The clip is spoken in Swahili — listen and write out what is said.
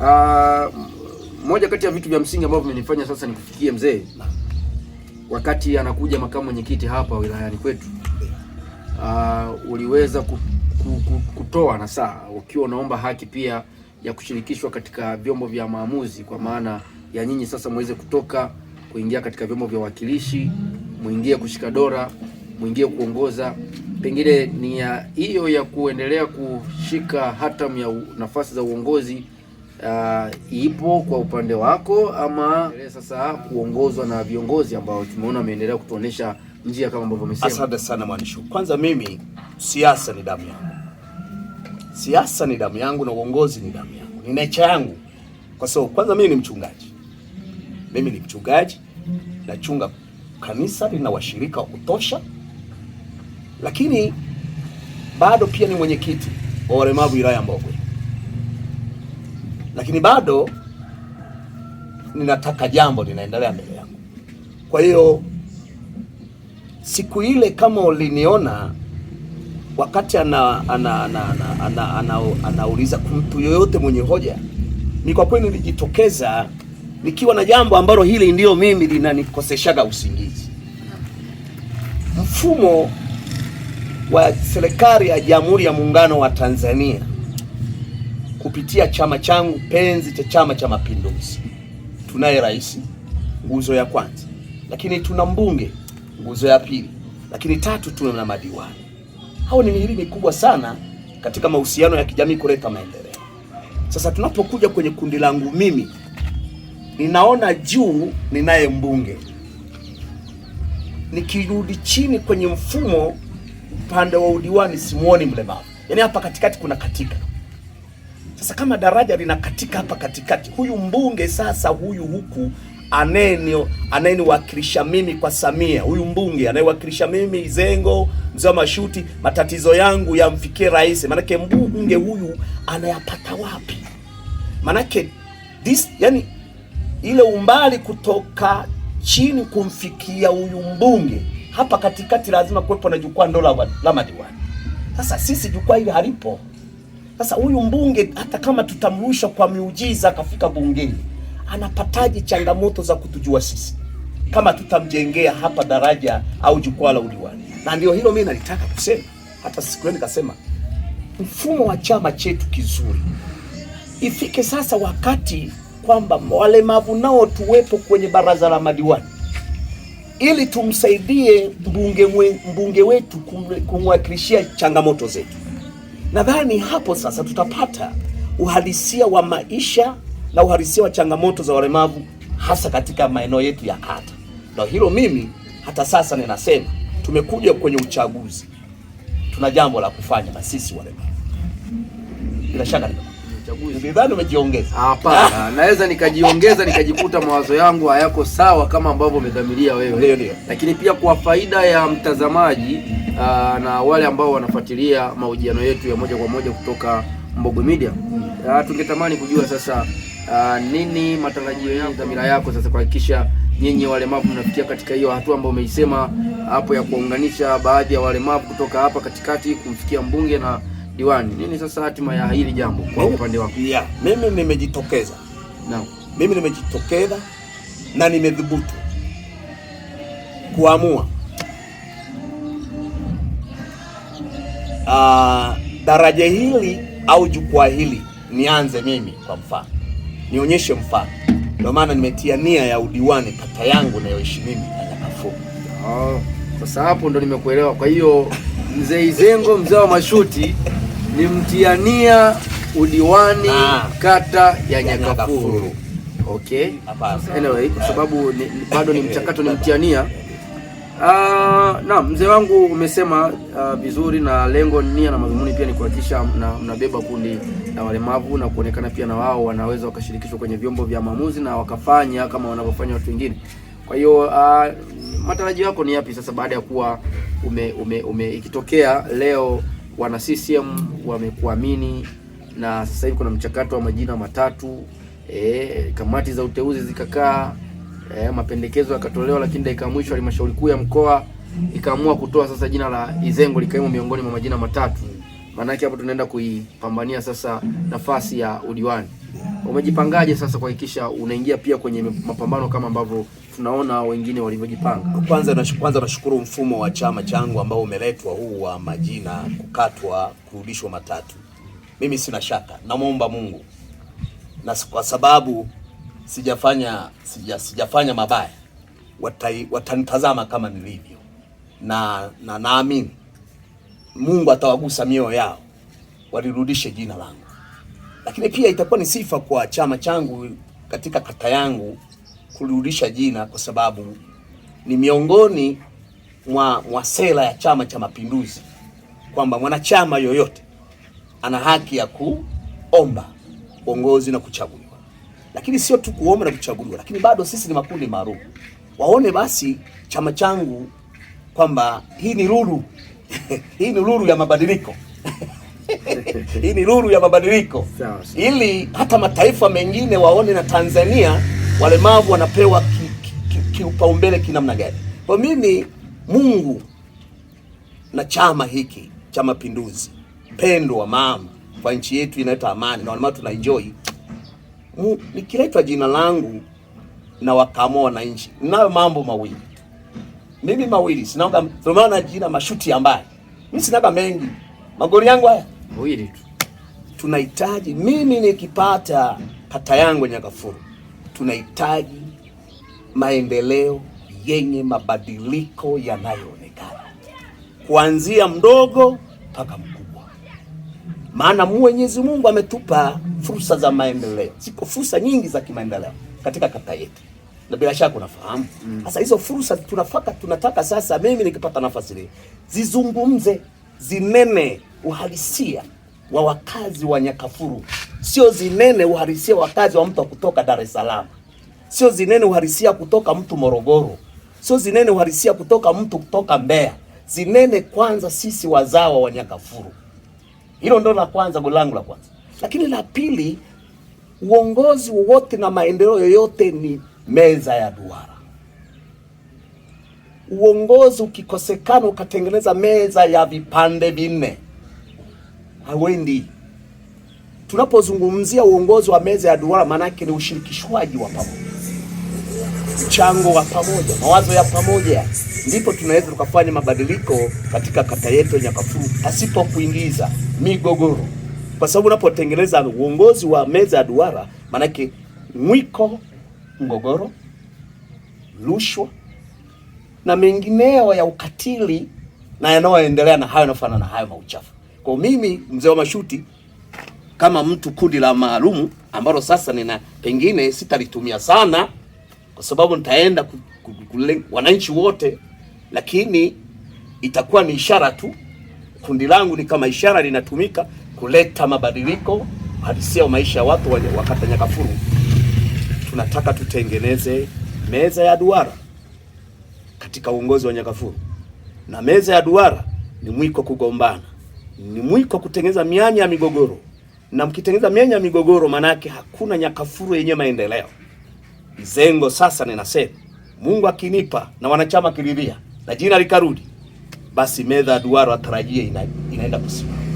Uh, moja kati ya vitu vya msingi ambavyo vimenifanya sasa nikufikie mzee, wakati anakuja makamu mwenyekiti hapa wilayani kwetu, uh, uliweza ku, ku, ku, kutoa saa ukiwa unaomba haki pia ya kushirikishwa katika vyombo vya maamuzi, kwa maana ya nyinyi sasa muweze kutoka kuingia katika vyombo vya wakilishi muingie kushika dora, muingie kuongoza. Pengine ni hiyo ya kuendelea kushika hatamu ya nafasi za uongozi uh, ipo kwa upande wako ama sasa kuongozwa na viongozi ambao tumeona wameendelea kutuonesha njia kama ambavyo umesema. Asante sana mwandishi. Kwanza mimi siasa ni damu yangu, siasa ni damu yangu na uongozi ni damu yangu, ni necha yangu, kwa sababu kwanza mimi ni mchungaji, mimi ni mchungaji, nachunga kanisa lina washirika wa kutosha, lakini bado pia ni mwenyekiti wa walemavu wilaya Mbogwe lakini bado ninataka jambo linaendelea mbele yangu. Kwa hiyo siku ile kama uliniona wakati ana ana ana anauliza kumtu yoyote mwenye hoja, ni kwa kweli nilijitokeza nikiwa na jambo ambalo hili ndiyo mimi linanikoseshaga usingizi. Mfumo wa serikali ya Jamhuri ya Muungano wa Tanzania kupitia chama changu penzi cha Chama cha Mapinduzi. Tunaye rais, nguzo ya kwanza, lakini tuna mbunge, nguzo ya pili, lakini tatu, tuna madiwani. Hao ni mihiri mikubwa sana katika mahusiano ya kijamii kuleta maendeleo. Sasa tunapokuja kwenye kundi langu mimi, ninaona juu, ninaye mbunge. Nikirudi chini kwenye mfumo upande wa udiwani, simuoni mlemavu, yaani hapa katikati kuna katika sasa kama daraja linakatika hapa katikati, huyu mbunge sasa, huyu huku anayeniwakilisha mimi kwa Samia, huyu mbunge anayewakilisha mimi Izengo, mzee wa Mashuti, matatizo yangu yamfikie rais. Maanake mbunge huyu anayapata wapi? Maanake this, yani ile umbali kutoka chini kumfikia huyu mbunge hapa katikati, lazima kuwepo na jukwaa ndo la madiwani. Sasa sisi jukwaa hili halipo. Sasa huyu mbunge hata kama tutamrusha kwa miujiza akafika bungeni, anapataje changamoto za kutujua sisi kama tutamjengea hapa daraja au jukwaa la udiwani? Na ndio hilo mimi nalitaka kusema, hata siku nikasema mfumo wa chama chetu kizuri, ifike sasa wakati kwamba walemavu nao tuwepo kwenye baraza la madiwani ili tumsaidie mbunge, mbunge wetu kumwakilishia changamoto zetu. Nadhani hapo sasa tutapata uhalisia wa maisha na uhalisia wa changamoto za walemavu hasa katika maeneo yetu ya kata. Ndio hilo mimi hata sasa ninasema tumekuja kwenye uchaguzi, tuna jambo la kufanya na sisi walemavu bila shaka uchaguzi bado umejiongeza? Hapana, naweza nikajiongeza nikajikuta mawazo yangu hayako sawa kama ambavyo umedhamiria wewe. Ndio, ndio. Lakini pia kwa faida ya mtazamaji aa, ah, na wale ambao wanafuatilia mahojiano yetu ya moja kwa moja kutoka Mbogwe Media aa, ah, tungetamani kujua sasa aa, ah, nini matarajio yangu, dhamira yako sasa kuhakikisha nyinyi walemavu mnafikia katika hiyo hatua ambayo umeisema hapo ya kuunganisha baadhi ya walemavu kutoka hapa katikati kumfikia mbunge na diwani, nini sasa hatima ya hili jambo kwa upande wako? Yeah, mimi nimejitokeza no. Mimi nimejitokeza na nimedhubutu kuamua uh, daraja hili au jukwaa hili nianze mimi kwa mfano, nionyeshe mfano. Ndio maana nimetia nia ya udiwani kata yangu nayoishi mimi Nyakafugu. Oh, sasa hapo ndo nimekuelewa. Kwa hiyo Mzee Izengo mzee wa Mashuti ni mtiania udiwani kata ya Nyakafuru. Okay, anyway, kwa sababu bado ni mchakato, ni mtiania Uh, ah, na mzee wangu umesema ah, vizuri uh, na lengo nia na madhumuni pia ni kuhakikisha mnabeba kundi la walemavu na kuonekana pia na wao wanaweza wakashirikishwa kwenye vyombo vya maamuzi na wakafanya kama wanavyofanya watu wengine. Kwa hiyo uh, matarajio yako ni yapi sasa baada ya kuwa ume, ume, ume ikitokea leo wana CCM wamekuamini na sasa hivi kuna mchakato wa majina matatu eh, kamati za uteuzi zikakaa eh, mapendekezo yakatolewa, lakini dakika ya mwisho halmashauri kuu ya mkoa ikaamua kutoa sasa jina la Izengo likaimo miongoni mwa majina matatu maanake hapo tunaenda kuipambania sasa nafasi ya udiwani. Umejipangaje sasa kuhakikisha unaingia pia kwenye mapambano kama ambavyo tunaona wengine walivyojipanga? Kwanza kwanza nashukuru mfumo wa chama changu ambao umeletwa huu wa majina kukatwa, kurudishwa matatu. Mimi sina shaka, namwomba Mungu na kwa sababu sijafanya sija, sijafanya mabaya, watanitazama kama nilivyo na naamini na, Mungu atawagusa mioyo yao walirudishe jina langu. Lakini pia itakuwa ni sifa kwa chama changu katika kata yangu kurudisha jina, kwa sababu ni miongoni mwa, mwa sera ya Chama cha Mapinduzi kwamba mwanachama yoyote ana haki ya kuomba uongozi na kuchaguliwa, lakini sio tu kuomba na kuchaguliwa, lakini bado sisi ni makundi maalum, waone basi chama changu kwamba hii ni lulu hii ni lulu ya mabadiliko hii ni lulu ya mabadiliko ili hata mataifa mengine waone na Tanzania walemavu wanapewa kiupaumbele ki, ki, ki kinamna gani. Kwa mimi Mungu na chama hiki cha Mapinduzi, pendo wa mama kwa nchi yetu inaleta amani na walemavu tuna enjoy. Nikiletwa jina langu na wakaamua wananchi, ninayo mambo mawili mimi mawili sinaomba thumana jina mashuti ambaye mimi sinaga mengi magori yangu haya mawili tu. Tunahitaji mimi nikipata kata yangu Nyakafuru, tunahitaji maendeleo yenye mabadiliko yanayoonekana kuanzia mdogo mpaka mkubwa, maana Mwenyezi Mungu ametupa fursa za maendeleo. Ziko fursa nyingi za kimaendeleo katika kata yetu na bila shaka unafahamu mm. sasa mm. hizo fursa tunafaka, tunataka sasa, mimi nikipata nafasi ile zizungumze, zinene uhalisia wa wakazi wa Nyakafuru, sio zinene uhalisia wa wakazi wa mtu kutoka Dar es Salaam, sio zinene uhalisia kutoka mtu Morogoro, sio zinene uhalisia kutoka mtu kutoka Mbeya. Zinene kwanza sisi wazawa wa Nyakafuru. Hilo ndo la kwanza, golangu langu la kwanza. Lakini la pili, uongozi wowote na maendeleo yoyote ni meza ya duara. Uongozi ukikosekana ukatengeneza meza ya vipande vinne, hawendi. Tunapozungumzia uongozi wa meza ya duara, maana yake ni ushirikishwaji wa pamoja, mchango wa pamoja, mawazo ya pamoja, ndipo tunaweza tukafanya mabadiliko katika kata yetu nyakafuru Nyakafulu pasipo kuingiza migogoro, kwa sababu unapotengeneza uongozi wa meza ya duara, maanake mwiko mgogoro, rushwa na mengineo ya ukatili na yanayoendelea na hayo yanayofanana na hayo mauchafu. Kwa mimi mzee wa mashuti kama mtu kundi la maalumu ambalo sasa nina pengine sitalitumia sana kwa sababu nitaenda wananchi wote, lakini itakuwa ni ishara tu. Kundi langu ni kama ishara, linatumika kuleta mabadiliko halisia maisha ya watu wa kata Nyakafulu tunataka tutengeneze meza ya duara katika uongozi wa nyakafuru na meza ya duara ni mwiko kugombana, ni mwiko kutengeneza mianya ya migogoro, na mkitengeneza mianya ya migogoro, manake hakuna nyakafuru yenye maendeleo. Mzengo sasa ninasema Mungu akinipa na wanachama kililia na jina likarudi, basi meza ya duara atarajie inaenda kusimama.